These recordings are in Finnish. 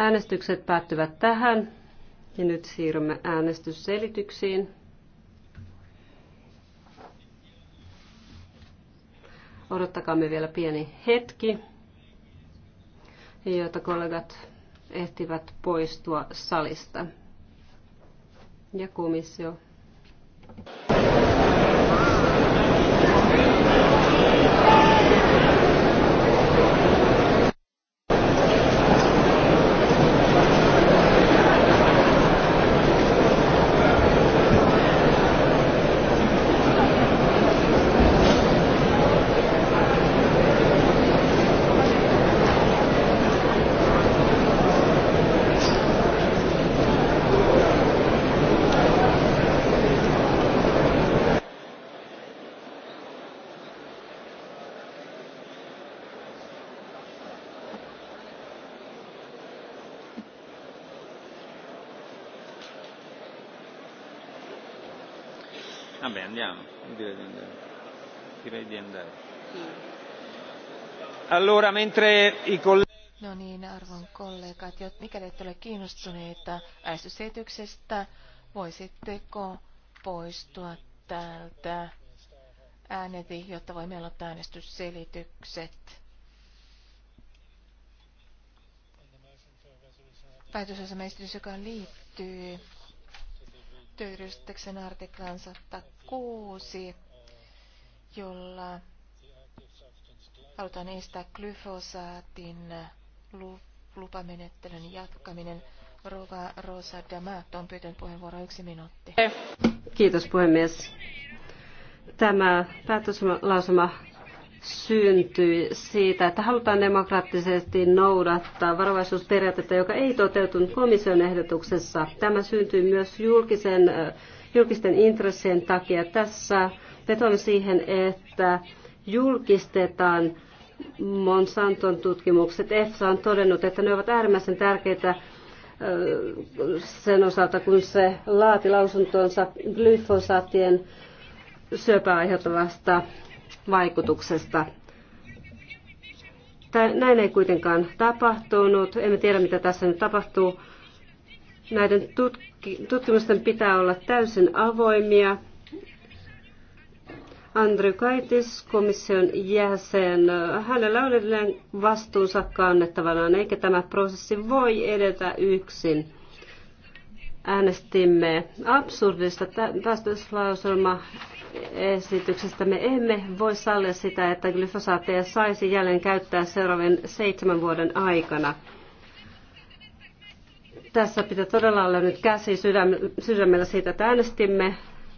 Äänestykset päättyvät tähän ja nyt siirrymme äänestysselityksiin. Odottakaamme vielä pieni hetki, jotta kollegat ehtivät poistua salista. Ja komissio. Andiamo, direi di andare. Direi di andare. Allora, mentre i colleghi... No niin, arvon kollegat, mikäli ette ole kiinnostuneita äänestysesityksestä, voisitteko poistua täältä ääneti, jotta voimme aloittaa äänestysselitykset. Päätösasemaesitys, joka liittyy työjärjestyksen artiklan 106, jolla halutaan estää glyfosaatin lupamenettelyn jatkaminen. Rova Rosa Damat on pyytänyt puheenvuoroa yksi minuutti. Kiitos puhemies. Tämä päätöslausuma syntyi siitä, että halutaan demokraattisesti noudattaa varovaisuusperiaatetta, joka ei toteutunut komission ehdotuksessa. Tämä syntyi myös julkisen, julkisten intressien takia. Tässä vetoan siihen, että julkistetaan Monsanton tutkimukset. EFSA on todennut, että ne ovat äärimmäisen tärkeitä sen osalta, kun se laati lausuntonsa glyfosaattien syöpää aiheuttavasta vaikutuksesta. Näin ei kuitenkaan tapahtunut. Emme tiedä, mitä tässä nyt tapahtuu. Näiden tutkimusten pitää olla täysin avoimia. Andrew Kaitis, komission jäsen, hänellä on edelleen vastuunsa kannettavanaan, eikä tämä prosessi voi edetä yksin. Äänestimme absurdista päästöslauselma esityksestä. Me emme voi sallia sitä, että glyfosaatteja saisi jälleen käyttää seuraavien seitsemän vuoden aikana. Tässä pitää todella olla nyt käsi sydämellä siitä, että äänestimme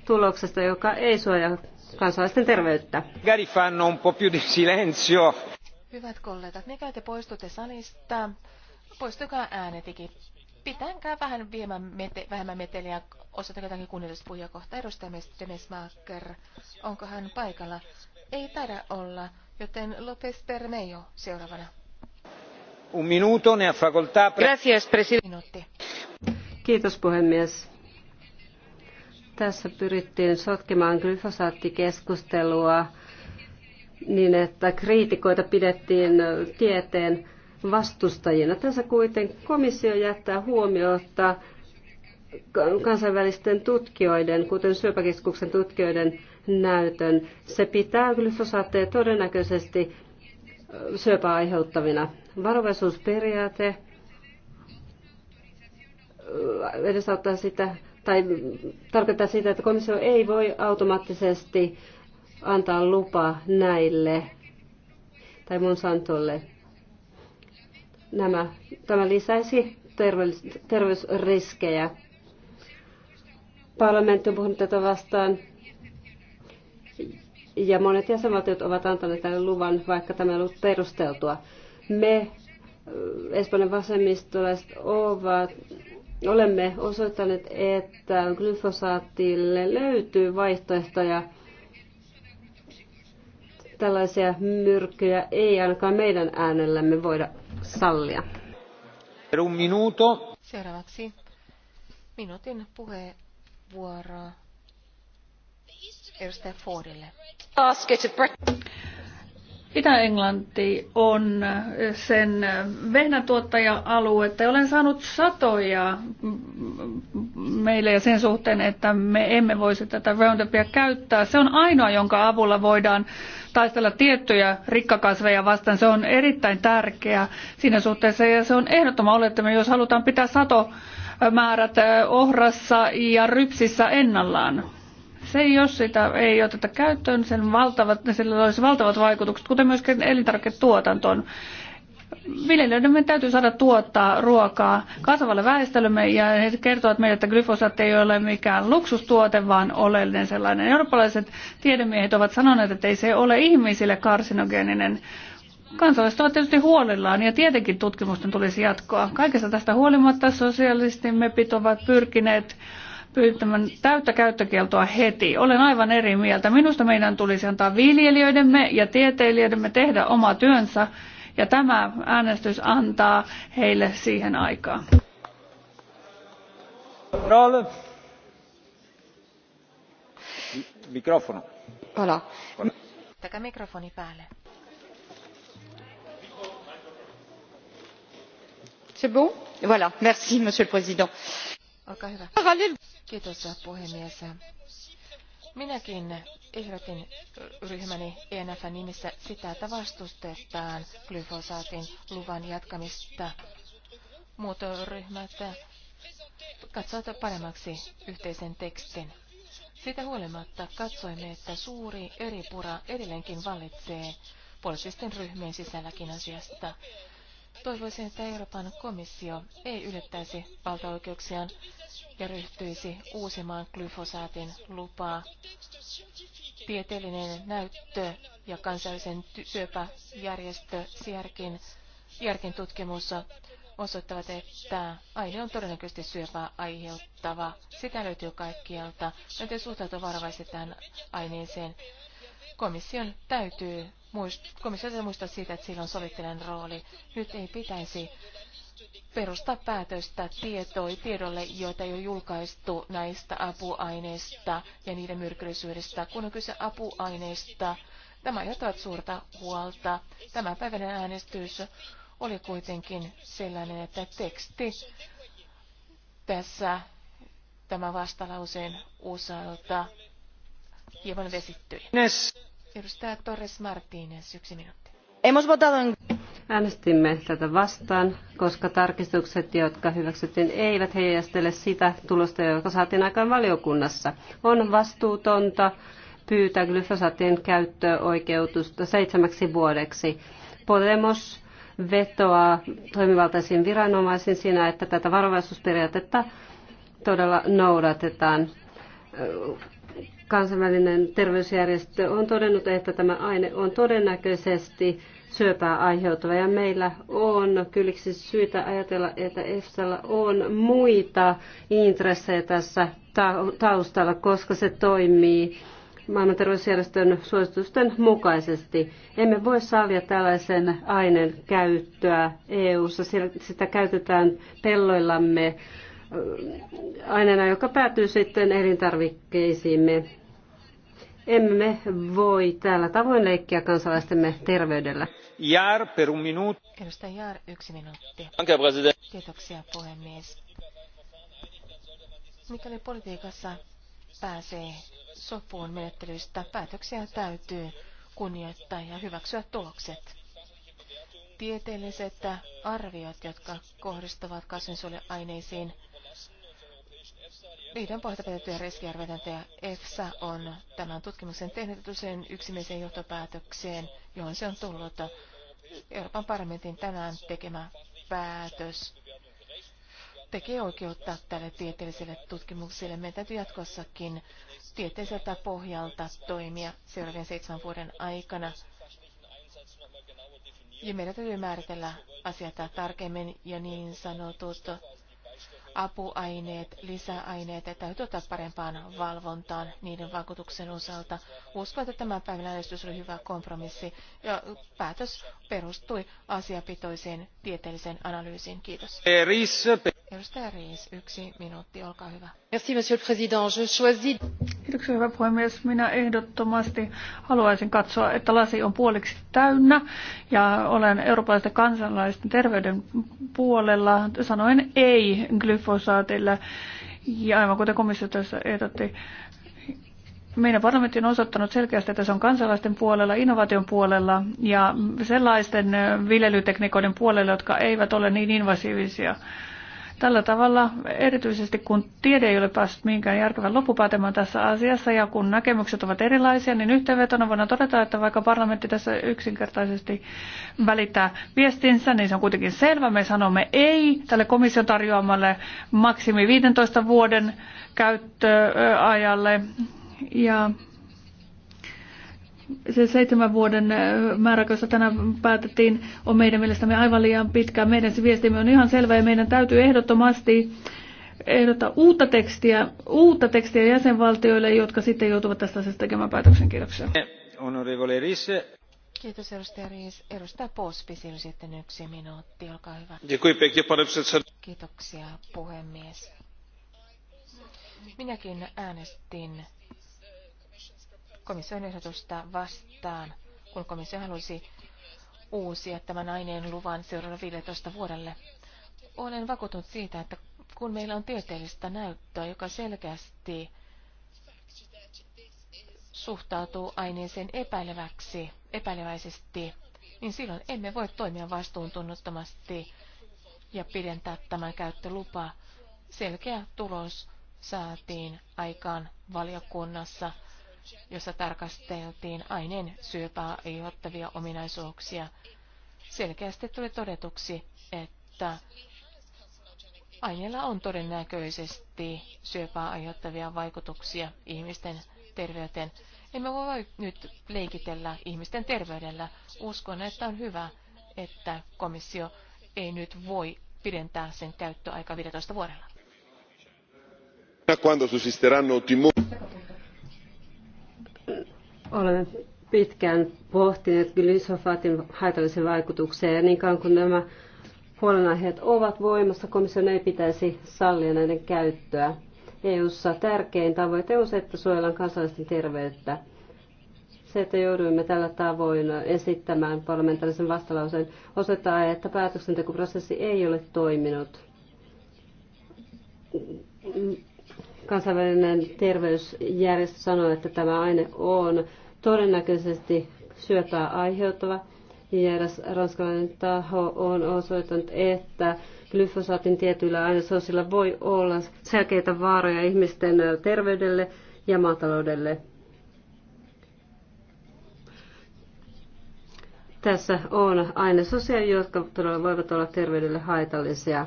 tuloksesta, joka ei suojaa kansalaisten terveyttä. Hyvät kollegat, mikä te poistutte salista, poistukaa äänetikin Pitääkään vähän mete, vähemmän meteliä osata jotakin kunnioitusta puhujaa kohta. Edustaja Demesmaker, onko hän paikalla? Ei taida olla, joten Lopez Bermejo seuraavana. Un minuto, ne facoltà. Gracias, presidente. Kiitos puhemies. Tässä pyrittiin sotkemaan glyfosaattikeskustelua niin, että kriitikoita pidettiin tieteen vastustajina. Tässä kuitenkin komissio jättää huomiota kansainvälisten tutkijoiden, kuten syöpäkeskuksen tutkijoiden näytön. Se pitää glyfosaatteja todennäköisesti syöpää aiheuttavina. Varovaisuusperiaate edesauttaa sitä, tai tarkoittaa sitä, että komissio ei voi automaattisesti antaa lupa näille tai Monsantolle. Nämä, tämä lisäisi terveysriskejä. Parlamentti on puhunut tätä vastaan ja monet jäsenvaltiot ovat antaneet tälle luvan, vaikka tämä ei ollut perusteltua. Me, Espanjan vasemmistolaiset, ovat, olemme osoittaneet, että glyfosaatille löytyy vaihtoehtoja. Tällaisia myrkkyjä ei ainakaan meidän äänellämme voida sallia. Per un minuto. Seuraavaksi minuutin puheenvuoro edustaja Fordille Itä-Englanti on sen vehnätuottaja-aluetta. Olen saanut satoja meille ja sen suhteen, että me emme voisi tätä Roundupia käyttää. Se on ainoa, jonka avulla voidaan taistella tiettyjä rikkakasveja vastaan. Se on erittäin tärkeä siinä suhteessa ja se on ehdottoman olettaminen, jos halutaan pitää sato määrät eh, ohrassa ja rypsissä ennallaan. Se, jos sitä ei oteta käyttöön, sen valtavat, sillä olisi valtavat vaikutukset, kuten myöskin elintarviketuotantoon. meidän täytyy saada tuottaa ruokaa kasvavalle väestöllemme ja he kertovat meille, että glyfosaatti ei ole mikään luksustuote, vaan oleellinen sellainen. Eurooppalaiset tiedemiehet ovat sanoneet, että ei se ole ihmisille karsinogeeninen kansalaiset ovat tietysti huolillaan ja tietenkin tutkimusten tulisi jatkoa. Kaikesta tästä huolimatta sosialistimme ovat pyrkineet pyytämään täyttä käyttökieltoa heti. Olen aivan eri mieltä. Minusta meidän tulisi antaa viljelijöidemme ja tieteilijöidemme tehdä oma työnsä ja tämä äänestys antaa heille siihen aikaa. Mikrofono. Voilà. Ottakaa mikrofoni päälle. C'est bon? Voilà. Merci, Monsieur le Président Olkaa hyvä. Kiitos puhemies. Minäkin ehdotin ryhmäni ENFn nimissä sitä, että vastustetaan glyfosaatin luvan jatkamista. Muut ryhmät katsoivat paremmaksi yhteisen tekstin. Siitä huolimatta katsoimme, että suuri eripura edelleenkin vallitsee poliittisten ryhmien sisälläkin asiasta. Toivoisin, että Euroopan komissio ei ylittäisi valtaoikeuksiaan ja ryhtyisi uusimaan glyfosaatin lupaa. Tieteellinen näyttö ja kansallisen syöpäjärjestö Sierkin, Järkin tutkimus osoittavat, että aine on todennäköisesti syöpää aiheuttava. Sitä löytyy kaikkialta, joten suhtautuu varovaisesti tähän aineeseen. Komission täytyy muist, komission täytyy muistaa siitä, että sillä on sovittelen rooli. Nyt ei pitäisi perustaa päätöstä tietoi, tiedolle, joita ei ole julkaistu näistä apuaineista ja niiden myrkyllisyydestä. Kun on kyse apuaineista, tämä aiheuttavat suurta huolta. Tämä päivänä äänestys oli kuitenkin sellainen, että teksti tässä tämä vastalauseen osalta hieman vesittyi. Edustaja Torres Martínez, yksi minuutti. Hemos votado en... Äänestimme tätä vastaan, koska tarkistukset, jotka hyväksyttiin, eivät heijastele sitä tulosta, joka saatiin aikaan valiokunnassa. On vastuutonta pyytää glyfosaatin käyttöoikeutusta seitsemäksi vuodeksi. Podemos vetoaa toimivaltaisiin viranomaisiin siinä, että tätä varovaisuusperiaatetta todella noudatetaan kansainvälinen terveysjärjestö on todennut, että tämä aine on todennäköisesti syöpää aiheutuva. Ja meillä on kylliksi syytä ajatella, että EFSAlla on muita intressejä tässä taustalla, koska se toimii maailman terveysjärjestön suositusten mukaisesti. Emme voi sallia tällaisen aineen käyttöä EU-ssa. Sitä käytetään pelloillamme aineena, joka päätyy sitten elintarvikkeisiimme. Emme me voi täällä tavoin leikkiä kansalaistemme terveydellä. Jaar per un minuut. Edustaja Jaar, yksi minuutti. Anke, Kiitoksia puhemies. Mikäli politiikassa pääsee sopuun menettelystä, päätöksiä täytyy kunnioittaa ja hyväksyä tulokset. Tieteelliset arviot, jotka kohdistuvat kasvinsuojeluaineisiin, aineisiin Vihdoin pohjalta pidettyjä riskiarviointeja EFSA on tämän tutkimuksen tehnyt usein yksimieliseen johtopäätökseen, johon se on tullut Euroopan parlamentin tänään tekemä päätös tekee oikeutta tälle tieteelliselle tutkimukselle. Meidän täytyy jatkossakin tieteelliseltä pohjalta toimia seuraavien seitsemän vuoden aikana. Ja meidän täytyy määritellä asiat tarkemmin ja niin sanotut apuaineet, lisäaineet täytyy ottaa parempaan valvontaan niiden vakuutuksen osalta. Uskon, että tämä päivän äänestys oli hyvä kompromissi ja päätös perustui asiapitoiseen tieteelliseen analyysiin. Kiitos. Edustaja Riis, yksi minuutti, olkaa hyvä. Merci, monsieur le président. Je choisis... Kiitoksia, hyvä puhemies. Minä ehdottomasti haluaisin katsoa, että lasi on puoliksi täynnä ja olen eurooppalaisten kansalaisten terveyden puolella sanoen ei glyfosaatille. Ja aivan kuten komissio tässä ehdotti, meidän parlamentti on osoittanut selkeästi, että se on kansalaisten puolella, innovaation puolella ja sellaisten viljelytekniikoiden puolella, jotka eivät ole niin invasiivisia. Tällä tavalla, erityisesti kun tiede ei ole päässyt minkään järkevän loppupäätelmään tässä asiassa ja kun näkemykset ovat erilaisia, niin yhteenvetona voidaan todeta, että vaikka parlamentti tässä yksinkertaisesti välittää viestinsä, niin se on kuitenkin selvä. Me sanomme ei tälle komission tarjoamalle maksimi 15 vuoden käyttöajalle ja se seitsemän vuoden äh, määräkössä tänään päätettiin on meidän mielestämme aivan liian pitkä. Meidän se viestimme on ihan selvä ja meidän täytyy ehdottomasti ehdottaa uutta tekstiä, uutta tekstiä jäsenvaltioille, jotka sitten joutuvat tästä asiasta tekemään päätöksen. Kiitoksia. Kiitos edustaja Riis. Edustaja Pospisil sitten yksi minuutti, olkaa hyvä. Kiitoksia puhemies. Minäkin äänestin komission ehdotusta vastaan, kun komissio halusi uusia tämän aineen luvan seuraavalle 15 vuodelle. Olen vakuutunut siitä, että kun meillä on tieteellistä näyttöä, joka selkeästi suhtautuu aineeseen epäileväksi, epäileväisesti, niin silloin emme voi toimia vastuuntunnottomasti ja pidentää tämän käyttölupaa. Selkeä tulos saatiin aikaan valiokunnassa jossa tarkasteltiin aineen syöpää aiheuttavia ominaisuuksia. Selkeästi tuli todetuksi, että aineella on todennäköisesti syöpää aiheuttavia vaikutuksia ihmisten terveyteen. Emme voi nyt leikitellä ihmisten terveydellä. Uskon, että on hyvä, että komissio ei nyt voi pidentää sen käyttöaika 15 vuodella. Olemme pitkään pohtineet glyfosaatin haitallisia vaikutuksia ja niin kauan kuin nämä huolenaiheet ovat voimassa, komission ei pitäisi sallia näiden käyttöä. EU-ssa tärkein tavoite on se, että suojellaan kansalaisten terveyttä. Se, että jouduimme tällä tavoin esittämään parlamentaarisen vastalauseen, osoittaa, että päätöksentekoprosessi ei ole toiminut. Kansainvälinen terveysjärjestö sanoo, että tämä aine on todennäköisesti syöpää aiheuttava. Ja eräs ranskalainen taho on osoittanut, että glyfosaatin tietyillä ainesosilla voi olla selkeitä vaaroja ihmisten terveydelle ja maataloudelle. Tässä on ainesosia, jotka todella voivat olla terveydelle haitallisia.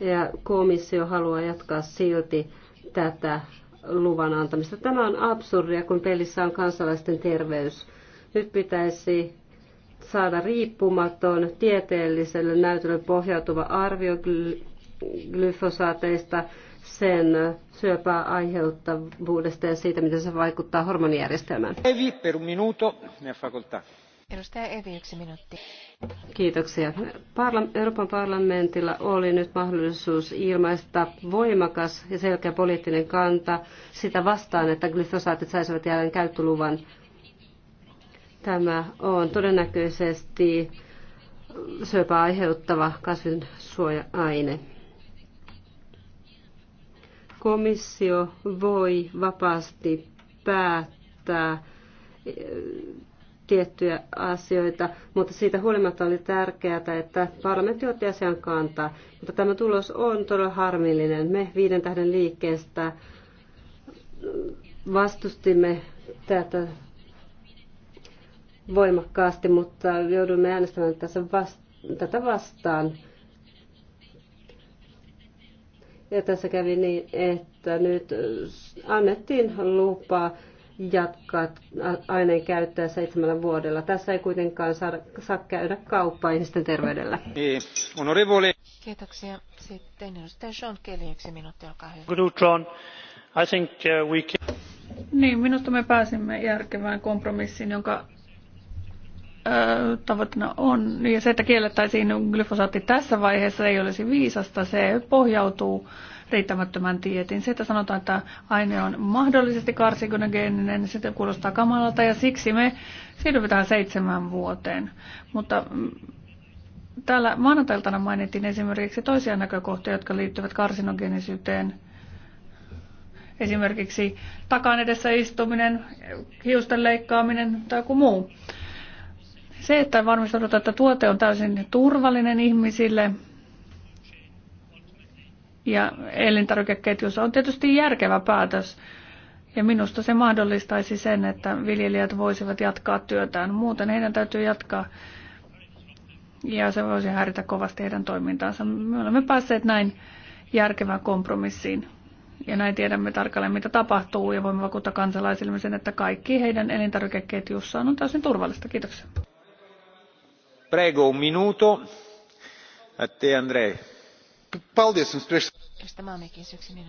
Ja komissio haluaa jatkaa silti tätä luvan antamista. Tämä on absurdia, kun pelissä on kansalaisten terveys. Nyt pitäisi saada riippumaton tieteelliselle näytölle pohjautuva arvio glyfosaateista, sen syöpää aiheuttavuudesta ja siitä, miten se vaikuttaa hormonijärjestelmään. Evi per un minuto, facoltà. Edustaja Evi, yksi minuutti. Kiitoksia. Parla- Euroopan parlamentilla oli nyt mahdollisuus ilmaista voimakas ja selkeä poliittinen kanta sitä vastaan, että glyfosaatit saisivat jälleen käyttöluvan. Tämä on todennäköisesti syöpää aiheuttava kasvinsuoja-aine. Komissio voi vapaasti päättää tiettyjä asioita, mutta siitä huolimatta oli tärkeää, että parlamentti otti asian kantaa. Mutta tämä tulos on todella harmillinen. Me viiden tähden liikkeestä vastustimme tätä voimakkaasti, mutta joudumme äänestämään tässä vast- tätä vastaan. Ja tässä kävi niin, että nyt annettiin lupaa jatkaa aineen käyttöä seitsemällä vuodella. Tässä ei kuitenkaan saada, saa käydä kauppaa ihmisten terveydellä. Niin, Kiitoksia. Sitten edustaja Sean Kelly, yksi minuutti, olkaa hyvä. I think uh, we can... Niin, minusta me pääsimme järkevään kompromissiin, jonka tavoitteena on, ja se, että kiellettäisiin glyfosaatti tässä vaiheessa, ei olisi viisasta. Se pohjautuu riittämättömän tietin. Se, että sanotaan, että aine on mahdollisesti karsikonogeeninen, sitä kuulostaa kamalalta ja siksi me siirrytään seitsemän vuoteen. Mutta mm, täällä maanantailtana mainittiin esimerkiksi toisia näkökohtia, jotka liittyvät karsinogeenisyyteen. Esimerkiksi takan edessä istuminen, hiusten leikkaaminen tai joku muu. Se, että varmistaudutaan, että tuote on täysin turvallinen ihmisille, ja elintarvikeketjussa on tietysti järkevä päätös. Ja minusta se mahdollistaisi sen, että viljelijät voisivat jatkaa työtään. Muuten heidän täytyy jatkaa ja se voisi häiritä kovasti heidän toimintaansa. Me olemme päässeet näin järkevään kompromissiin. Ja näin tiedämme tarkalleen, mitä tapahtuu, ja voimme vakuuttaa kansalaisillemme sen, että kaikki heidän elintarvikeketjussaan on täysin turvallista. Kiitoksia. Prego, un minuto. A te, Andrei. Paldies mutta priekšsēdētāj.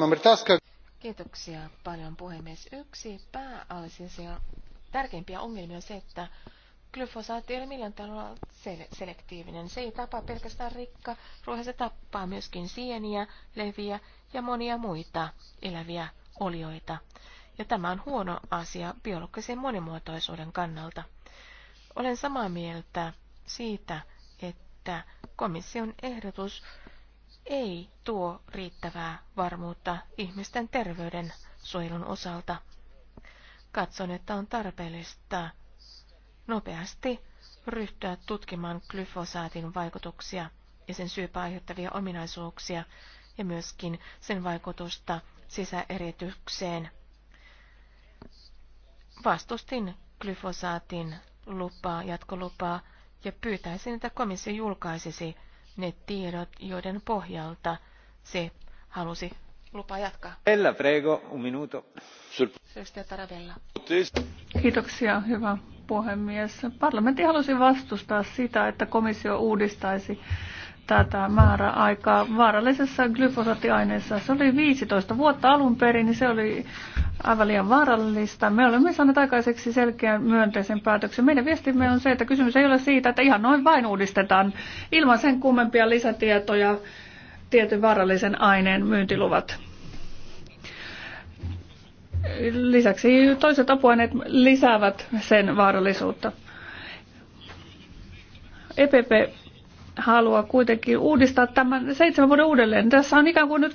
No Kiitoksia paljon puhemies. Yksi pääasiassa tärkeimpiä ongelmia on se, että glyfosaatti ei ole millään tavalla sel- selektiivinen. Se ei tapa pelkästään rikka, ruoha se tappaa myöskin sieniä, leviä ja monia muita eläviä olioita. Ja tämä on huono asia biologisen monimuotoisuuden kannalta. Olen samaa mieltä siitä, että komission ehdotus ei tuo riittävää varmuutta ihmisten terveyden suojelun osalta. Katson, että on tarpeellista nopeasti ryhtyä tutkimaan glyfosaatin vaikutuksia ja sen syypä aiheuttavia ominaisuuksia ja myöskin sen vaikutusta sisäeritykseen. Vastustin glyfosaatin lupaa, jatkolupaa ja pyytäisin, että komissio julkaisisi ne tiedot, joiden pohjalta se halusi lupa jatkaa. Ella prego, un minuto. Tarabella. Kiitoksia, hyvä puhemies. Parlamentti halusi vastustaa sitä, että komissio uudistaisi tätä määräaikaa vaarallisessa glyfosaattiaineessa. Se oli 15 vuotta alun perin, niin se oli aivan liian vaarallista. Me olemme saaneet aikaiseksi selkeän myönteisen päätöksen. Meidän viestimme on se, että kysymys ei ole siitä, että ihan noin vain uudistetaan ilman sen kummempia lisätietoja tietyn vaarallisen aineen myyntiluvat. Lisäksi toiset apuaineet lisäävät sen vaarallisuutta. EPP haluaa kuitenkin uudistaa tämän seitsemän vuoden uudelleen. Tässä on ikään kuin nyt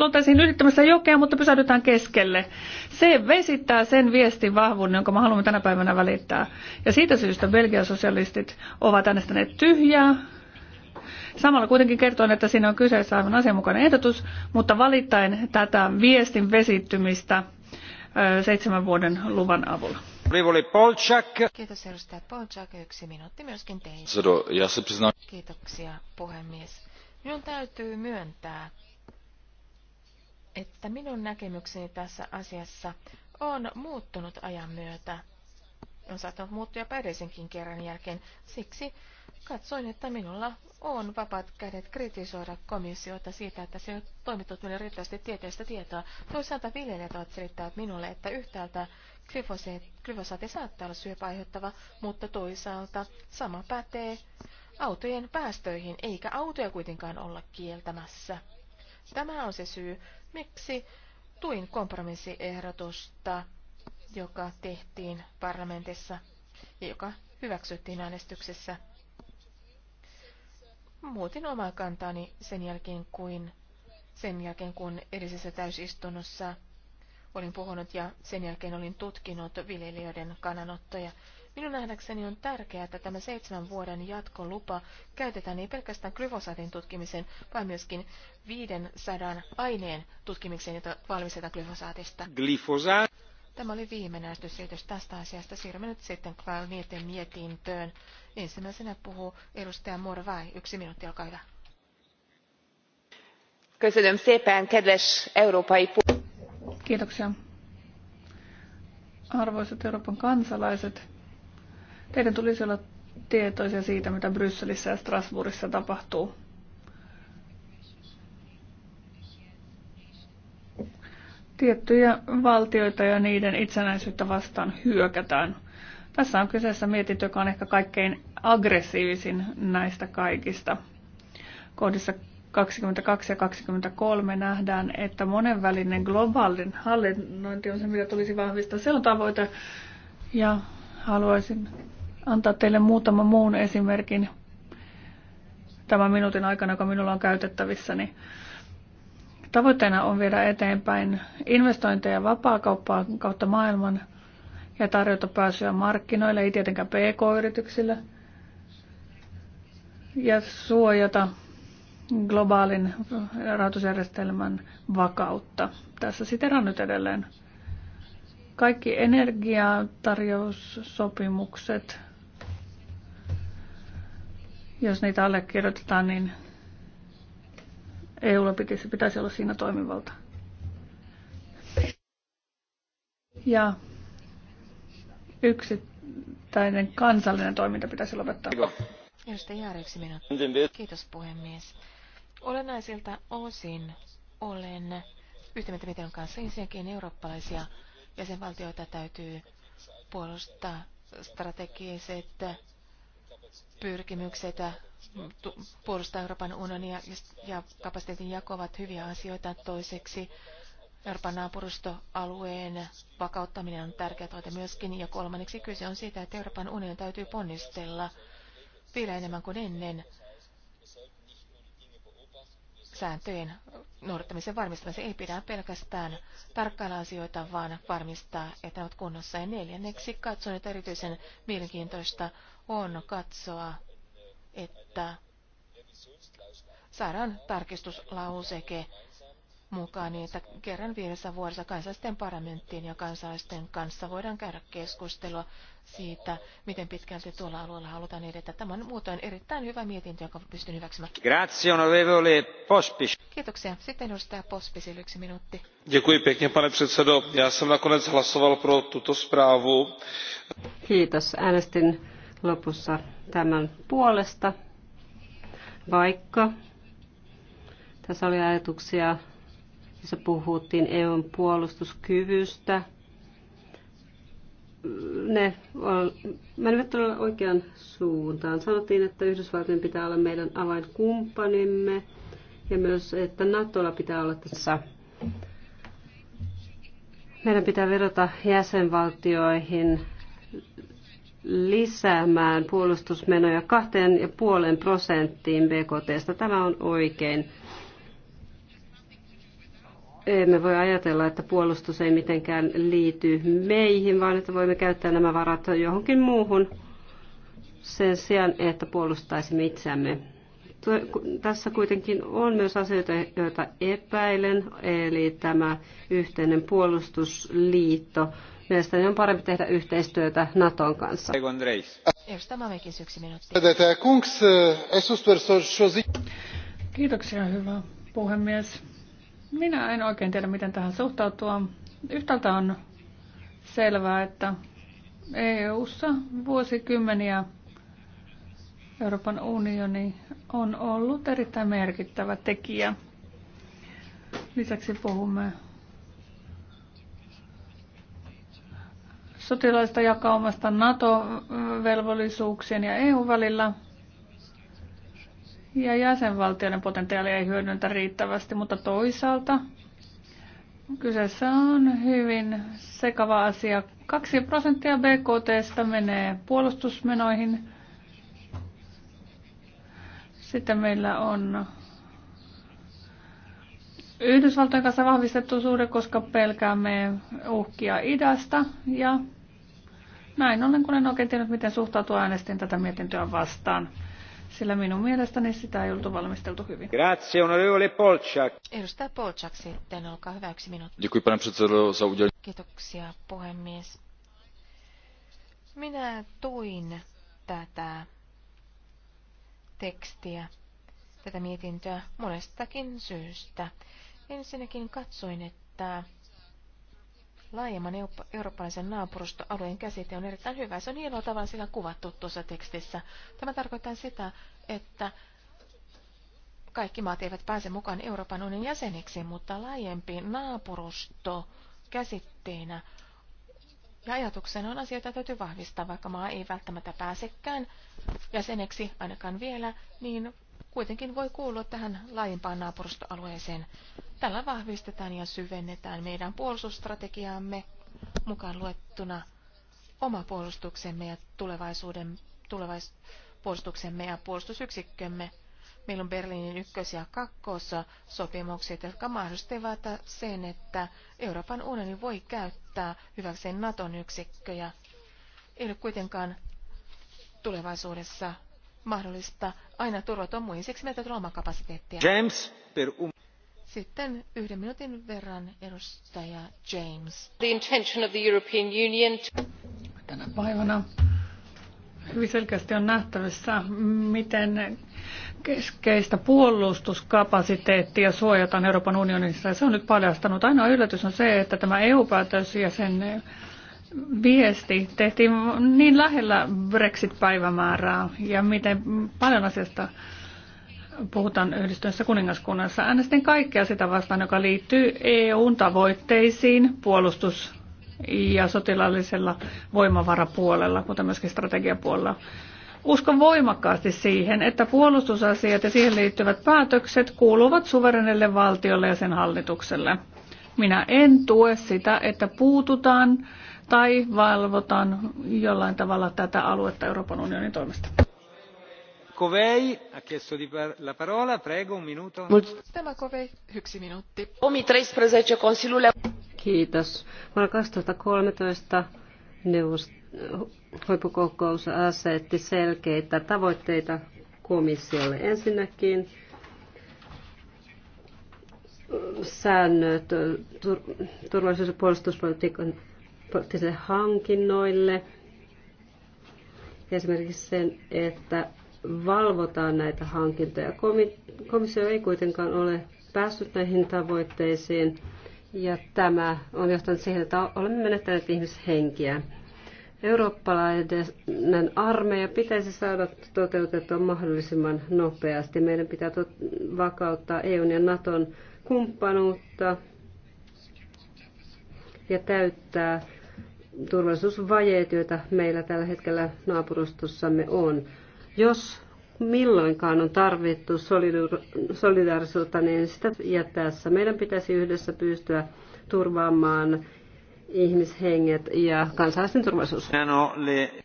oltaisiin ylittämässä jokea, mutta pysähdytään keskelle. Se vesittää sen viestin vahvuuden, jonka me haluamme tänä päivänä välittää. Ja siitä syystä Belgian sosialistit ovat äänestäneet tyhjää. Samalla kuitenkin kertoin, että siinä on kyseessä aivan asianmukainen ehdotus, mutta valittain tätä viestin vesittymistä seitsemän vuoden luvan avulla. Kiitos edustaja Polchak. Yksi minuutti myöskin teille. Kiitoksia puhemies. Minun täytyy myöntää, että minun näkemykseni tässä asiassa on muuttunut ajan myötä. On saattanut muuttua jopa edellisenkin kerran jälkeen. Siksi katsoin, että minulla on vapaat kädet kritisoida komissiota siitä, että se on toimittanut minulle riittävästi tieteellistä tietoa. Toisaalta viljelijät ovat selittäneet minulle, että yhtäältä Glyfosaatti saattaa olla syöpä aiheuttava, mutta toisaalta sama pätee autojen päästöihin, eikä autoja kuitenkaan olla kieltämässä. Tämä on se syy, miksi tuin kompromissiehdotusta, joka tehtiin parlamentissa ja joka hyväksyttiin äänestyksessä. Muutin omaa kantani sen jälkeen, kuin, sen jälkeen kun edellisessä täysistunnossa olin puhunut ja sen jälkeen olin tutkinut viljelijöiden kannanottoja. Minun nähdäkseni on tärkeää, että tämä seitsemän vuoden jatkolupa käytetään ei pelkästään glyfosaatin tutkimiseen, vaan myöskin 500 aineen tutkimiseen, jota valmistetaan glyfosaatista. Glyfosaat. Tämä oli viimeinen äänestysselitys tästä asiasta. Siirrymme nyt sitten Klaal mietintöön. Ensimmäisenä puhuu edustaja Morvai. Yksi minuutti, olkaa hyvä. Köszönöm szépen, kedves európai... Kiitoksia. Arvoisat Euroopan kansalaiset, teidän tulisi olla tietoisia siitä, mitä Brysselissä ja Strasbourgissa tapahtuu. Tiettyjä valtioita ja niiden itsenäisyyttä vastaan hyökätään. Tässä on kyseessä mietintö, joka on ehkä kaikkein aggressiivisin näistä kaikista. Kohdissa 22 ja 23 nähdään, että monenvälinen globaalin hallinnointi on se, mitä tulisi vahvistaa. Se on tavoite ja haluaisin antaa teille muutama muun esimerkin tämän minuutin aikana, joka minulla on käytettävissä. Niin tavoitteena on viedä eteenpäin investointeja vapaakauppaa kautta maailman ja tarjota pääsyä markkinoille, ei tietenkään pk-yrityksille, ja suojata globaalin rahoitusjärjestelmän vakautta. Tässä siteran nyt edelleen. Kaikki energiatarjoussopimukset, jos niitä allekirjoitetaan, niin EUlla pitäisi, pitäisi olla siinä toimivalta. Ja yksittäinen kansallinen toiminta pitäisi lopettaa. Kiitos puhemies. Olennaisilta osin olen yhtä mieltä Miteon kanssa. Ensinnäkin eurooppalaisia jäsenvaltioita täytyy puolustaa strategiset pyrkimykset puolustaa Euroopan unionia ja kapasiteetin jako ovat hyviä asioita. Toiseksi Euroopan naapurustoalueen vakauttaminen on tärkeä tavoite myöskin. Ja kolmanneksi kyse on siitä, että Euroopan unionin täytyy ponnistella vielä enemmän kuin ennen sääntöjen noudattamisen varmistamisen ei pidä pelkästään tarkkailla asioita, vaan varmistaa, että ne ovat kunnossa. Ja neljänneksi katson, että erityisen mielenkiintoista on katsoa, että saadaan tarkistuslauseke mukaan niin, että kerran viidessä vuodessa kansallisten parlamenttiin ja kansalaisten kanssa voidaan käydä keskustelua siitä, miten pitkälti tuolla alueella halutaan edetä. Tämä on muutoin erittäin hyvä mietintö, jonka pystyn hyväksymään. Grazie, onorevole Pospis. Kiitoksia. Sitten edustaja Pospis, yksi minuutti. Děkuji pěkně, pane předsedo. Já jsem nakonec hlasoval pro tuto zprávu. Kiitos. Äänestin lopussa tämän puolesta, vaikka tässä oli ajatuksia jossa puhuttiin EUn puolustuskyvystä. Ne menivät todella oikeaan suuntaan. Sanottiin, että Yhdysvaltojen pitää olla meidän avainkumppanimme ja myös, että NATOlla pitää olla tässä meidän pitää vedota jäsenvaltioihin lisäämään puolustusmenoja kahteen ja puolen prosenttiin BKTstä. Tämä on oikein emme voi ajatella, että puolustus ei mitenkään liity meihin, vaan että voimme käyttää nämä varat johonkin muuhun sen sijaan, että puolustaisimme itseämme. Tässä kuitenkin on myös asioita, joita epäilen, eli tämä yhteinen puolustusliitto. Mielestäni on parempi tehdä yhteistyötä Naton kanssa. Kiitoksia, hyvä puhemies minä en oikein tiedä, miten tähän suhtautua. Yhtäältä on selvää, että EU-ssa vuosikymmeniä Euroopan unioni on ollut erittäin merkittävä tekijä. Lisäksi puhumme sotilaista jakaumasta NATO-velvollisuuksien ja EU välillä – ja jäsenvaltioiden potentiaali ei hyödyntä riittävästi, mutta toisaalta kyseessä on hyvin sekava asia. 2 prosenttia BKTstä menee puolustusmenoihin. Sitten meillä on Yhdysvaltojen kanssa vahvistettu suhde, koska pelkäämme uhkia idästä ja näin ollen, kun en oikein tiennyt, miten suhtautua äänestin tätä mietintöä vastaan sillä minun mielestäni sitä ei oltu valmisteltu hyvin. Grazie, onorevole Polchak. Edustaja Polchak sitten, olkaa hyvä yksi minuutti. Děkuji, pane předsedo, za udělení. Kiitoksia, puhemies. Minä tuin tätä tekstiä, tätä mietintöä monestakin syystä. Ensinnäkin katsoin, että laajemman eurooppalaisen naapurustoalueen käsite on erittäin hyvä. Se on hienoa tavalla sillä kuvattu tuossa tekstissä. Tämä tarkoittaa sitä, että kaikki maat eivät pääse mukaan Euroopan unionin jäseniksi, mutta laajempi naapurusto käsitteenä ja ajatuksena on asioita täytyy vahvistaa, vaikka maa ei välttämättä pääsekään jäseneksi ainakaan vielä, niin kuitenkin voi kuulua tähän laajempaan naapurustoalueeseen. Tällä vahvistetaan ja syvennetään meidän puolustusstrategiaamme mukaan luettuna oma puolustuksemme ja tulevaisuuden tulevais, puolustuksemme ja puolustusyksikkömme. Meillä on Berliinin ykkös- ja kakkossa sopimukset, jotka mahdollistavat sen, että Euroopan unioni voi käyttää hyväkseen Naton yksikköjä. Ei ole kuitenkaan tulevaisuudessa mahdollista aina turvata muihin. Siksi meillä täytyy olla kapasiteettia. James, per um... Sitten yhden minuutin verran edustaja James. The intention of the European Union to... Tänä päivänä hyvin selkeästi on nähtävissä, miten keskeistä puolustuskapasiteettia suojataan Euroopan unionissa. se on nyt paljastanut. Ainoa yllätys on se, että tämä EU-päätös ja sen viesti tehtiin niin lähellä Brexit-päivämäärää ja miten paljon asiasta puhutaan yhdistyneessä kuningaskunnassa. Äänestin kaikkea sitä vastaan, joka liittyy EUn tavoitteisiin puolustus- ja sotilaallisella voimavarapuolella, kuten myöskin strategiapuolella. Uskon voimakkaasti siihen, että puolustusasiat ja siihen liittyvät päätökset kuuluvat suverenelle valtiolle ja sen hallitukselle. Minä en tue sitä, että puututaan tai valvotaan jollain tavalla tätä aluetta Euroopan unionin toimesta. Kovei ha chiesto di la parola, prego un minuto. Tämä Covei, yksi minuutti. 2013 consilulle. Kiitos. Vuonna 2013 neuvost... huippukokous asetti selkeitä tavoitteita komissiolle. Ensinnäkin säännöt turvallisuus- ja puolustuspolitiikan poliittisille hankinnoille. Esimerkiksi sen, että valvotaan näitä hankintoja. Komissio ei kuitenkaan ole päässyt näihin tavoitteisiin ja tämä on johtanut siihen, että olemme menettäneet ihmishenkiä. Eurooppalainen armeija pitäisi saada toteutettua mahdollisimman nopeasti. Meidän pitää vakauttaa EUn ja Naton kumppanuutta ja täyttää turvallisuusvajeet, joita meillä tällä hetkellä naapurustossamme on. Jos milloinkaan on tarvittu solidaarisuutta, niin sitä jättäessä tässä meidän pitäisi yhdessä pystyä turvaamaan ihmishenget ja kansalaisten turvallisuus.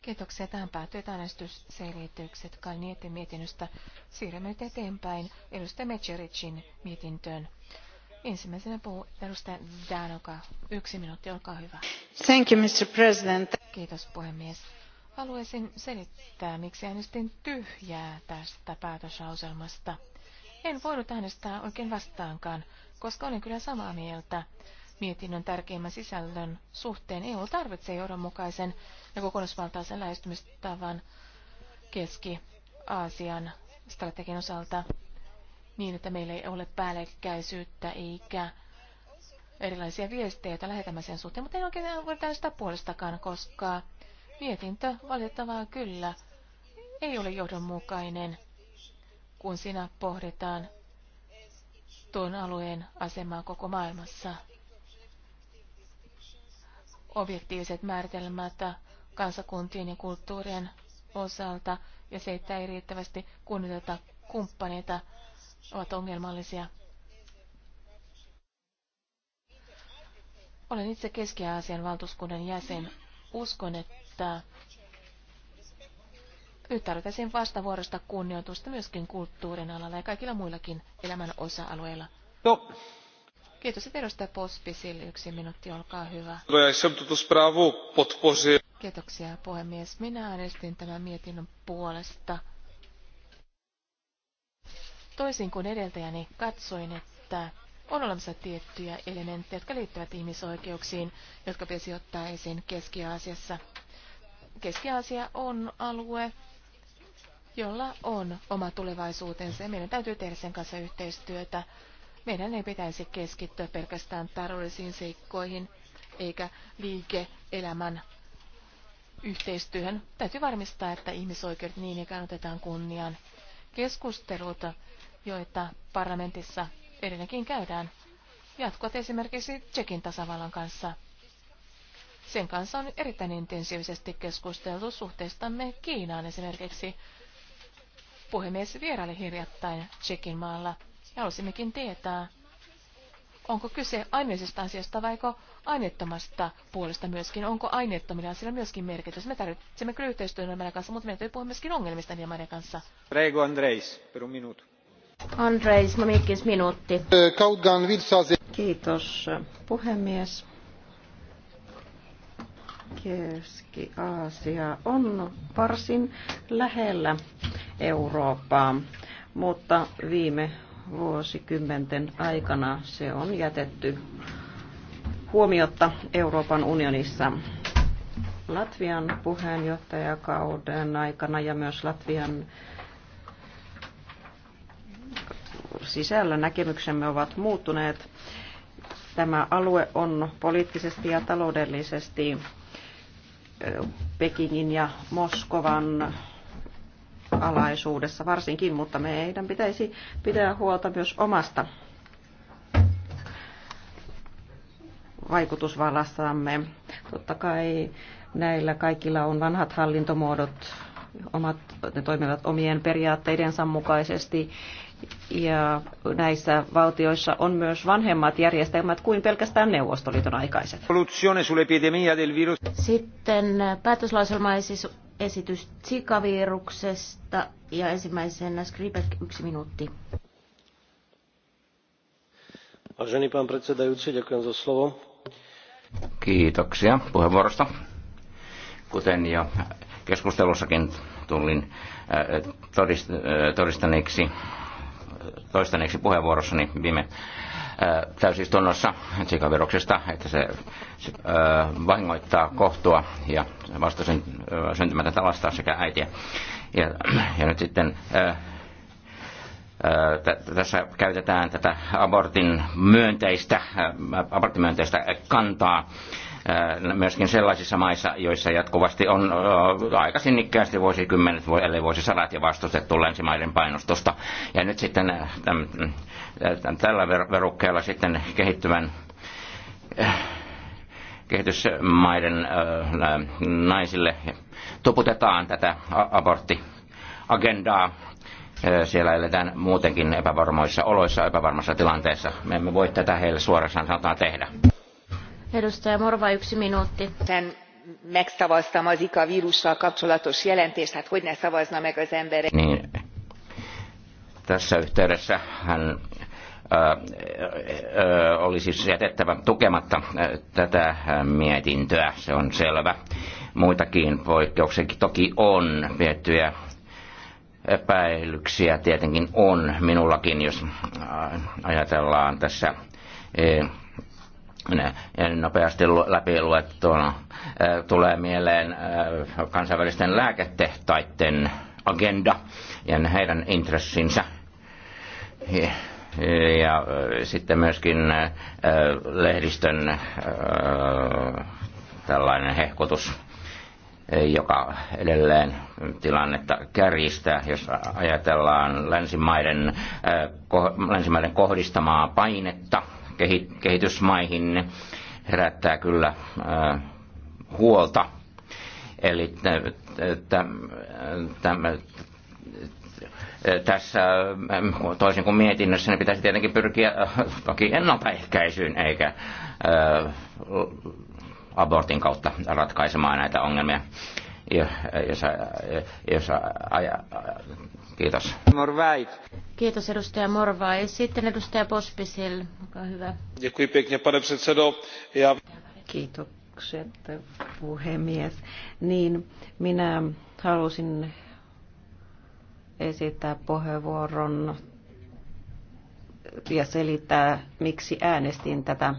Kiitoksia. Tähän päättyy äänestysselitykset Kalnietin mietinnöstä. Siirrymme nyt eteenpäin edustaja Mechericin mietintöön. Ensimmäisenä puhuu edustaja Danoka. Yksi minuutti, olkaa hyvä. Thank you, Mr. President. Kiitos puhemies. Haluaisin selittää, miksi äänestin tyhjää tästä päätöslauselmasta. En voinut äänestää oikein vastaankaan, koska olen kyllä samaa mieltä mietinnön tärkeimmän sisällön suhteen. EU tarvitsee johdonmukaisen ja kokonaisvaltaisen lähestymistavan Keski-Aasian strategian osalta niin, että meillä ei ole päällekkäisyyttä eikä erilaisia viestejä, joita lähetämme sen suhteen, mutta ei oikein voi sitä puolestakaan, koska mietintö valitettavaa kyllä ei ole johdonmukainen, kun siinä pohditaan tuon alueen asemaa koko maailmassa. Objektiiviset määritelmät kansakuntien ja kulttuurien osalta ja se, että ei riittävästi kunnioiteta kumppaneita ovat ongelmallisia. Olen itse Keski-Aasian valtuuskunnan jäsen. Uskon, että nyt tarvitaan vastavuorosta kunnioitusta myöskin kulttuurin alalla ja kaikilla muillakin elämän osa-alueilla. No. Kiitos, että edustaja Pospisil. Yksi minuutti, olkaa hyvä. Kiitoksia, puhemies. Minä äänestin tämän mietinnön puolesta. Toisin kuin edeltäjäni, katsoin, että on olemassa tiettyjä elementtejä, jotka liittyvät ihmisoikeuksiin, jotka pitäisi ottaa esiin Keski-Aasiassa. Keski-Aasia on alue, jolla on oma tulevaisuutensa ja meidän täytyy tehdä sen kanssa yhteistyötä. Meidän ei pitäisi keskittyä pelkästään taloudellisiin seikkoihin eikä liike-elämän yhteistyöhön. Täytyy varmistaa, että ihmisoikeudet niin ikään otetaan kunnian. Keskustelut joita parlamentissa edelleenkin käydään. Jatkuvat esimerkiksi Tsekin tasavallan kanssa. Sen kanssa on erittäin intensiivisesti keskusteltu suhteistamme Kiinaan esimerkiksi. Puhemies vieraili hirjattain Tsekin maalla ja halusimmekin tietää, onko kyse aineisesta asiasta vai aineettomasta puolesta myöskin, onko aineettomilla asioilla myöskin merkitys. Me tarvitsemme kyllä yhteistyön kanssa, mutta meidän täytyy puhua myöskin ongelmista niiden maiden kanssa. Prego Andreis, per un minuto. Andreis Kiitos puhemies. Keski-Aasia on varsin lähellä Eurooppaa, mutta viime vuosikymmenten aikana se on jätetty huomiotta Euroopan unionissa. Latvian puheenjohtajakauden aikana ja myös Latvian sisällä näkemyksemme ovat muuttuneet. Tämä alue on poliittisesti ja taloudellisesti Pekingin ja Moskovan alaisuudessa varsinkin, mutta meidän pitäisi pitää huolta myös omasta vaikutusvallassamme. Totta kai näillä kaikilla on vanhat hallintomuodot, omat, ne toimivat omien periaatteidensa mukaisesti ja näissä valtioissa on myös vanhemmat järjestelmät kuin pelkästään Neuvostoliiton aikaiset. Sitten päätöslauselma esitys Zika-viruksesta ja ensimmäisenä Skripek yksi minuutti. Kiitoksia puheenvuorosta. Kuten jo keskustelussakin tulin äh, äh, todistaneeksi, toistaneeksi puheenvuorossani viime täysistunnossa sikaviruksesta, että se, se vahingoittaa kohtua ja vasta syntymätä talastaa sekä äitiä. Ja, ja nyt sitten ää, tässä käytetään tätä abortin myönteistä, abortin myönteistä kantaa myöskin sellaisissa maissa, joissa jatkuvasti on aika sinnikkäästi vuosikymmenet, eli vuosisadat ja vastustettu länsimaiden painostusta. Ja nyt sitten tällä verukkeella sitten kehittyvän kehitysmaiden naisille toputetaan tätä aborttiagendaa. Siellä eletään muutenkin epävarmoissa oloissa, epävarmassa tilanteessa. Me emme voi tätä heille suorastaan sanotaan tehdä. Edustaja Morva, yksi minuutti. Sen megszavaztam az Zika virussal kapcsolatos jelentést, hát hogy ne szavazna meg az emberek. Niin. Tässä yhteydessä hän oli siis jätettävä tukematta tätä mietintöä, se on selvä. Muitakin poikkeuksia toki on, tiettyjä epäilyksiä tietenkin on minullakin, jos ajatellaan tässä e, nopeasti luettuna äh, tulee mieleen äh, kansainvälisten lääketehtaiden agenda ja heidän intressinsä. Ja äh, sitten myöskin lehdistön tällainen hehkutus, joka edelleen tilannetta kärjistää, jos ajatellaan länsimaiden, länsimaiden kohdistamaa painetta – kehitysmaihin herättää kyllä huolta. Eli tässä toisin kuin mietinnössä, niin pitäisi tietenkin pyrkiä toki ennaltaehkäisyyn eikä abortin kautta ratkaisemaan näitä ongelmia. Jos, jos, jos, aja, kiitos. Kiitos edustaja Morvai. Sitten edustaja Pospisil, olkaa hyvä. Děkuji pěkně, pane předsedo. Ja... Kiitokset, puhemies. Niin, minä halusin esittää puheenvuoron ja selittää, miksi äänestin tätä.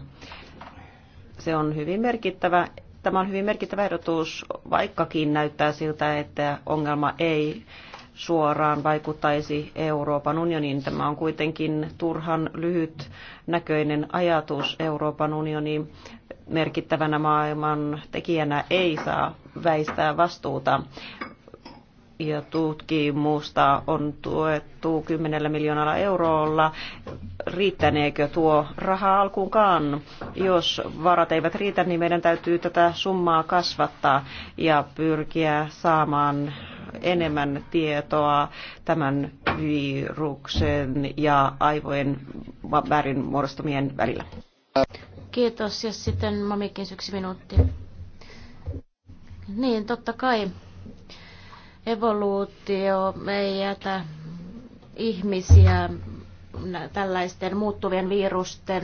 Se on hyvin merkittävä Tämä on hyvin merkittävä ehdotus, vaikkakin näyttää siltä, että ongelma ei suoraan vaikuttaisi Euroopan unioniin. Tämä on kuitenkin turhan lyhyt näköinen ajatus. Euroopan unioni merkittävänä maailman tekijänä ei saa väistää vastuuta ja tutkimusta on tuettu 10 miljoonalla eurolla. Riittäneekö tuo raha alkuunkaan? Jos varat eivät riitä, niin meidän täytyy tätä summaa kasvattaa ja pyrkiä saamaan enemmän tietoa tämän viruksen ja aivojen väärin muodostumien välillä. Kiitos. Ja sitten Mamikin yksi minuutti. Niin, totta kai evoluutio ei jätä ihmisiä tällaisten muuttuvien virusten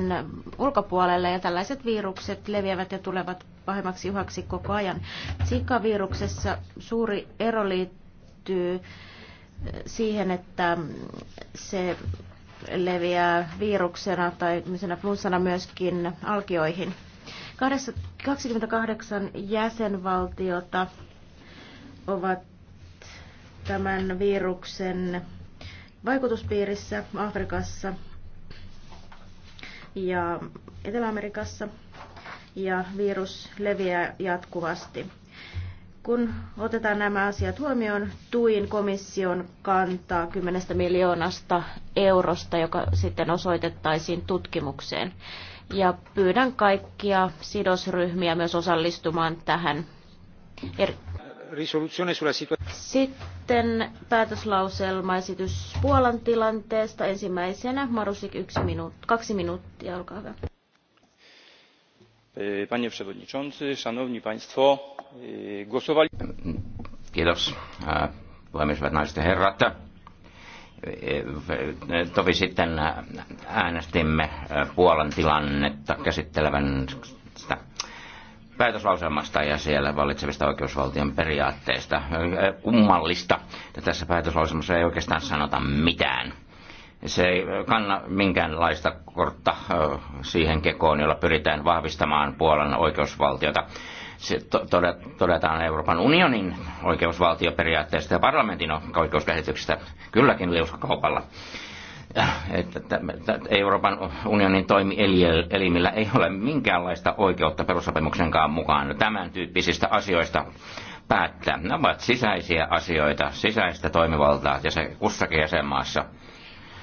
ulkopuolelle ja tällaiset virukset leviävät ja tulevat pahemmaksi uhaksi koko ajan. Sikaviruksessa viruksessa suuri ero liittyy eh, siihen, että se leviää viruksena tai flunssana myöskin alkioihin. 28 jäsenvaltiota ovat tämän viruksen vaikutuspiirissä Afrikassa ja Etelä-Amerikassa ja virus leviää jatkuvasti. Kun otetaan nämä asiat huomioon, tuin komission kantaa 10 miljoonasta eurosta, joka sitten osoitettaisiin tutkimukseen. Ja pyydän kaikkia sidosryhmiä myös osallistumaan tähän er- sitten päätöslauselmaesitys Puolan tilanteesta. Ensimmäisenä Marusik yksi minuutti, kaksi minuuttia, olkaa hyvä. E, panie przewodniczący, szanowni państwo, e, głosowali... Kiitos, e, puhemies, hyvät naiset ja herrat. Tovi sitten äänestimme Puolan tilannetta käsittelevän päätöslauselmasta ja siellä vallitsevista oikeusvaltion periaatteista. Kummallista, että tässä päätöslauselmassa ei oikeastaan sanota mitään. Se ei kanna minkäänlaista kortta siihen kekoon, jolla pyritään vahvistamaan Puolan oikeusvaltiota. Se todetaan Euroopan unionin oikeusvaltioperiaatteesta ja parlamentin oikeuskäsityksestä kylläkin liuskakaupalla. kaupalla että Euroopan unionin toimielimillä ei ole minkäänlaista oikeutta perussopimuksenkaan mukaan tämän tyyppisistä asioista päättää. Ne ovat sisäisiä asioita, sisäistä toimivaltaa ja se kussakin jäsenmaassa.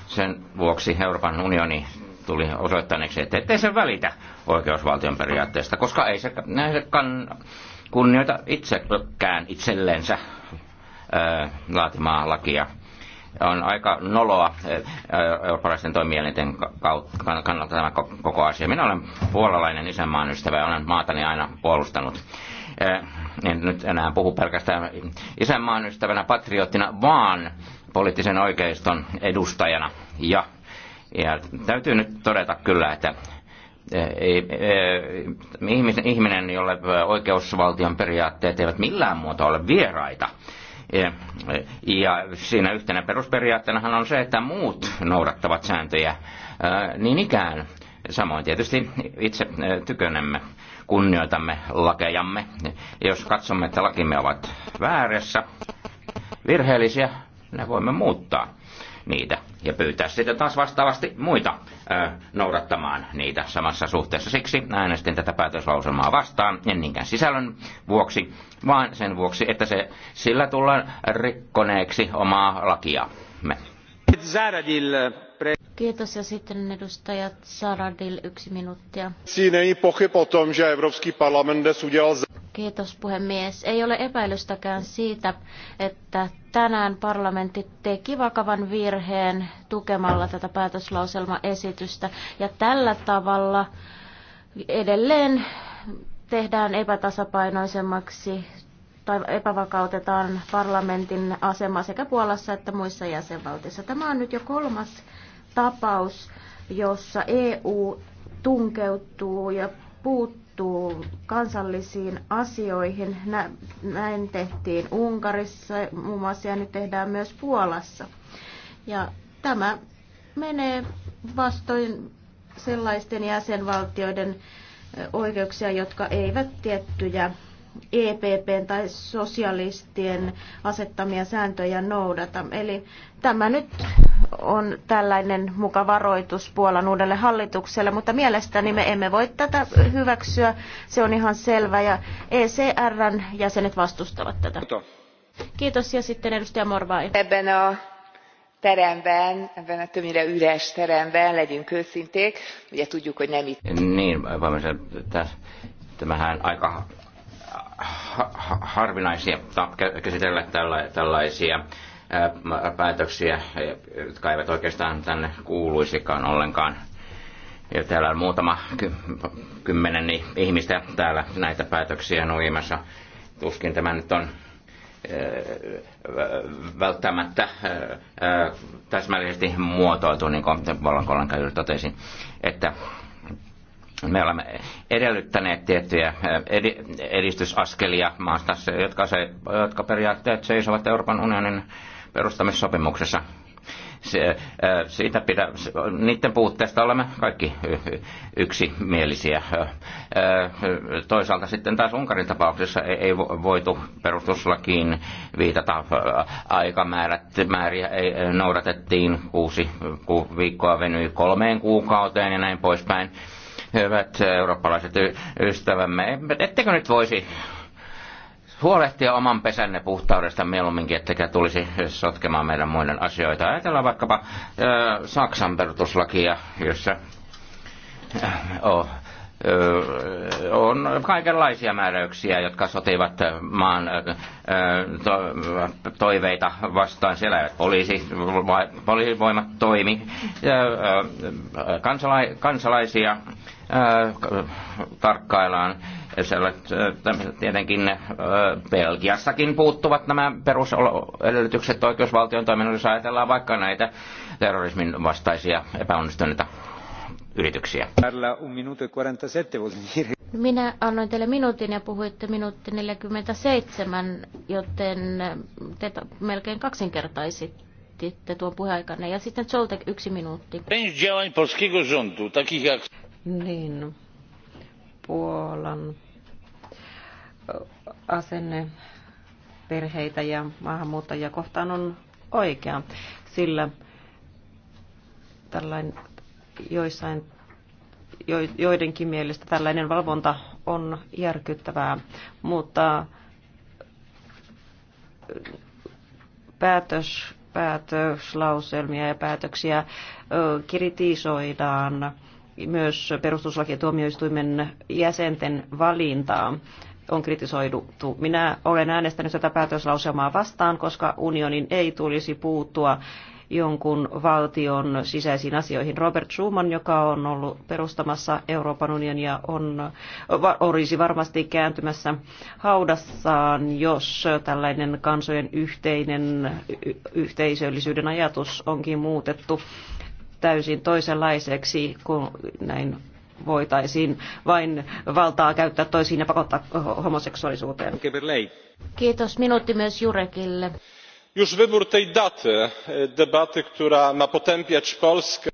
Sen vuoksi Euroopan unioni tuli osoittaneeksi, että ettei se välitä oikeusvaltion periaatteesta, koska ei se, se kann, kunnioita itsekään itsellensä laatimaa lakia on aika noloa eh, eh, eurooppalaisten toimielinten kannalta tämä koko asia. Minä olen puolalainen isänmaan ystävä ja olen maatani aina puolustanut. Eh, en nyt enää puhu pelkästään isänmaan ystävänä, patriottina, vaan poliittisen oikeiston edustajana. Ja, ja täytyy nyt todeta kyllä, että ihminen, jolle oikeusvaltion periaatteet eivät millään muuta ole vieraita, ja siinä yhtenä perusperiaatteena on se, että muut noudattavat sääntöjä niin ikään. Samoin tietysti itse tykönemme, kunnioitamme lakejamme. Jos katsomme, että lakimme ovat väärässä, virheellisiä, ne voimme muuttaa niitä ja pyytää sitten taas vastaavasti muita ö, noudattamaan niitä samassa suhteessa. Siksi äänestin tätä päätöslauselmaa vastaan, en niinkään sisällön vuoksi, vaan sen vuoksi, että se, sillä tullaan rikkoneeksi omaa me. Kiitos ja sitten edustajat Saradil yksi minuuttia. Siinä ei pohyb o tom, že Kiitos puhemies. Ei ole epäilystäkään siitä, että tänään parlamentti teki vakavan virheen tukemalla tätä päätöslauselmaesitystä. Ja tällä tavalla edelleen tehdään epätasapainoisemmaksi tai epävakautetaan parlamentin asema sekä Puolassa että muissa jäsenvaltioissa. Tämä on nyt jo kolmas tapaus, jossa EU tunkeutuu ja puuttuu puuttuu kansallisiin asioihin. Näin tehtiin Unkarissa muun muassa ja nyt tehdään myös Puolassa. Ja tämä menee vastoin sellaisten jäsenvaltioiden oikeuksia, jotka eivät tiettyjä EPP tai sosialistien asettamia sääntöjä noudata. Eli tämä nyt on tällainen muka varoitus Puolan uudelle hallitukselle, mutta mielestäni me emme voi tätä hyväksyä. Se on ihan selvä ja ECRn jäsenet vastustavat tätä. Kiitos ja sitten edustaja Morvai. Ebben a teremben, ebben a többnyire üres teremben, legyünk őszinték, ugye tudjuk, hogy nem itt. Niin, tämähän aika harvinaisia käsitellä tällaisia päätöksiä, jotka eivät oikeastaan tänne kuuluisikaan ollenkaan. Ja täällä on muutama kymmenen ihmistä täällä näitä päätöksiä nuimassa. Tuskin tämä nyt on välttämättä täsmällisesti muotoiltu, niin kuin Vallankollankaan totesin, että me olemme edellyttäneet tiettyjä edistysaskelia maasta, jotka, se, jotka periaatteet seisovat Euroopan unionin perustamissopimuksessa. Se, siitä pidä, niiden puutteesta olemme kaikki yksimielisiä. Toisaalta sitten taas Unkarin tapauksessa ei voitu perustuslakiin viitata aikamäärät, määriä ei noudatettiin, kuusi viikkoa venyi kolmeen kuukauteen ja näin poispäin hyvät eurooppalaiset ystävämme, ettekö nyt voisi huolehtia oman pesänne puhtaudesta mieluumminkin, ettekä tulisi sotkemaan meidän muiden asioita. Ajatellaan vaikkapa Saksan perustuslakia, jossa oh, on kaikenlaisia määräyksiä, jotka sotivat maan toiveita vastaan. Siellä poliisi, poliisivoimat toimi. Kansalaisia tarkkaillaan. Tietenkin Belgiassakin puuttuvat nämä perusedellytykset oikeusvaltion toiminnan, jos ajatellaan vaikka näitä terrorismin vastaisia epäonnistuneita yrityksiä. E Minä annoin teille minuutin ja puhuitte minuutti 47, joten te melkein kaksinkertaisitte tuon puheaikanne. Ja sitten Zoltek yksi minuutti. Niin, Puolan asenne perheitä ja maahanmuuttajia kohtaan on oikea, sillä tällainen joissain joidenkin mielestä tällainen valvonta on järkyttävää, mutta päätös, päätöslauselmia ja päätöksiä kritisoidaan myös perustuslakituomioistuimen jäsenten valintaa on kritisoitu. Minä olen äänestänyt tätä päätöslauselmaa vastaan, koska unionin ei tulisi puuttua jonkun valtion sisäisiin asioihin. Robert Schuman, joka on ollut perustamassa Euroopan unionia, on, olisi varmasti kääntymässä haudassaan, jos tällainen kansojen yhteinen yhteisöllisyyden ajatus onkin muutettu täysin toisenlaiseksi kuin näin voitaisiin vain valtaa käyttää toisiin ja pakottaa homoseksuaalisuuteen. Kiitos. Minuutti myös Jurekille już wybór tej daty e, debaty która ma potępiać polskę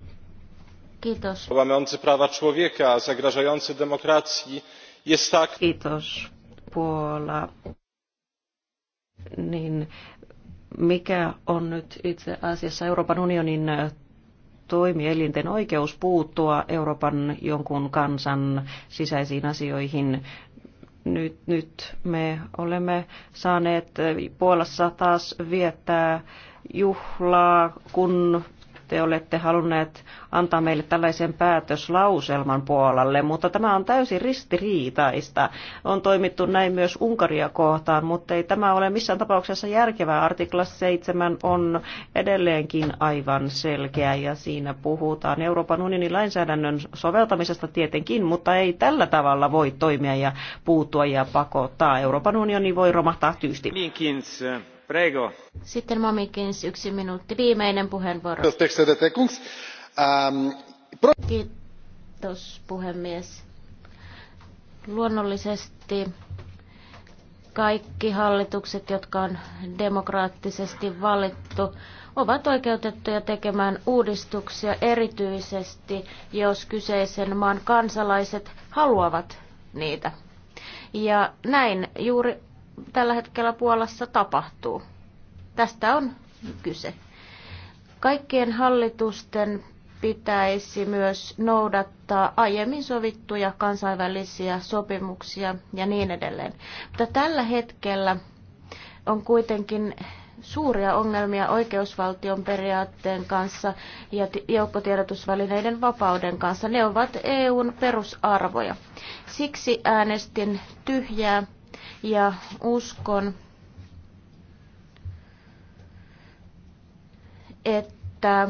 za łamiący prawa człowieka zagrażający demokracji jest tak niin mikä on nyt itse asiassa Euroopan unionin e, toimielinten oikeus puuttua Euroopan jonkun kansan sisäisiin asioihin nyt, nyt me olemme saaneet Puolassa taas viettää juhlaa, kun te olette halunneet antaa meille tällaisen päätöslauselman puolalle, mutta tämä on täysin ristiriitaista. On toimittu näin myös Unkaria kohtaan, mutta ei tämä ole missään tapauksessa järkevää. Artikla 7 on edelleenkin aivan selkeä ja siinä puhutaan Euroopan unionin lainsäädännön soveltamisesta tietenkin, mutta ei tällä tavalla voi toimia ja puuttua ja pakottaa. Euroopan unioni voi romahtaa tyystiin. Prego. Sitten Mamikins, yksi minuutti. Viimeinen puheenvuoro. Ähm, Kiitos puhemies. Luonnollisesti kaikki hallitukset, jotka on demokraattisesti valittu, ovat oikeutettuja tekemään uudistuksia erityisesti, jos kyseisen maan kansalaiset haluavat niitä. Ja näin juuri tällä hetkellä Puolassa tapahtuu. Tästä on kyse. Kaikkien hallitusten pitäisi myös noudattaa aiemmin sovittuja kansainvälisiä sopimuksia ja niin edelleen. Mutta tällä hetkellä on kuitenkin suuria ongelmia oikeusvaltion periaatteen kanssa ja joukkotiedotusvälineiden vapauden kanssa. Ne ovat EUn perusarvoja. Siksi äänestin tyhjää ja uskon, että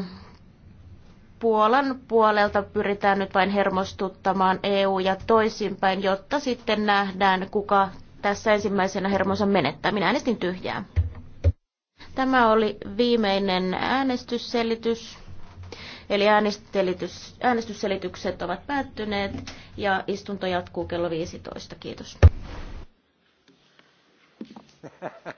Puolan puolelta pyritään nyt vain hermostuttamaan EU ja toisinpäin, jotta sitten nähdään, kuka tässä ensimmäisenä hermonsa menettää. Minä äänestin tyhjää. Tämä oli viimeinen äänestysselitys. Eli äänestysselitykset ovat päättyneet ja istunto jatkuu kello 15. Kiitos. Gracias.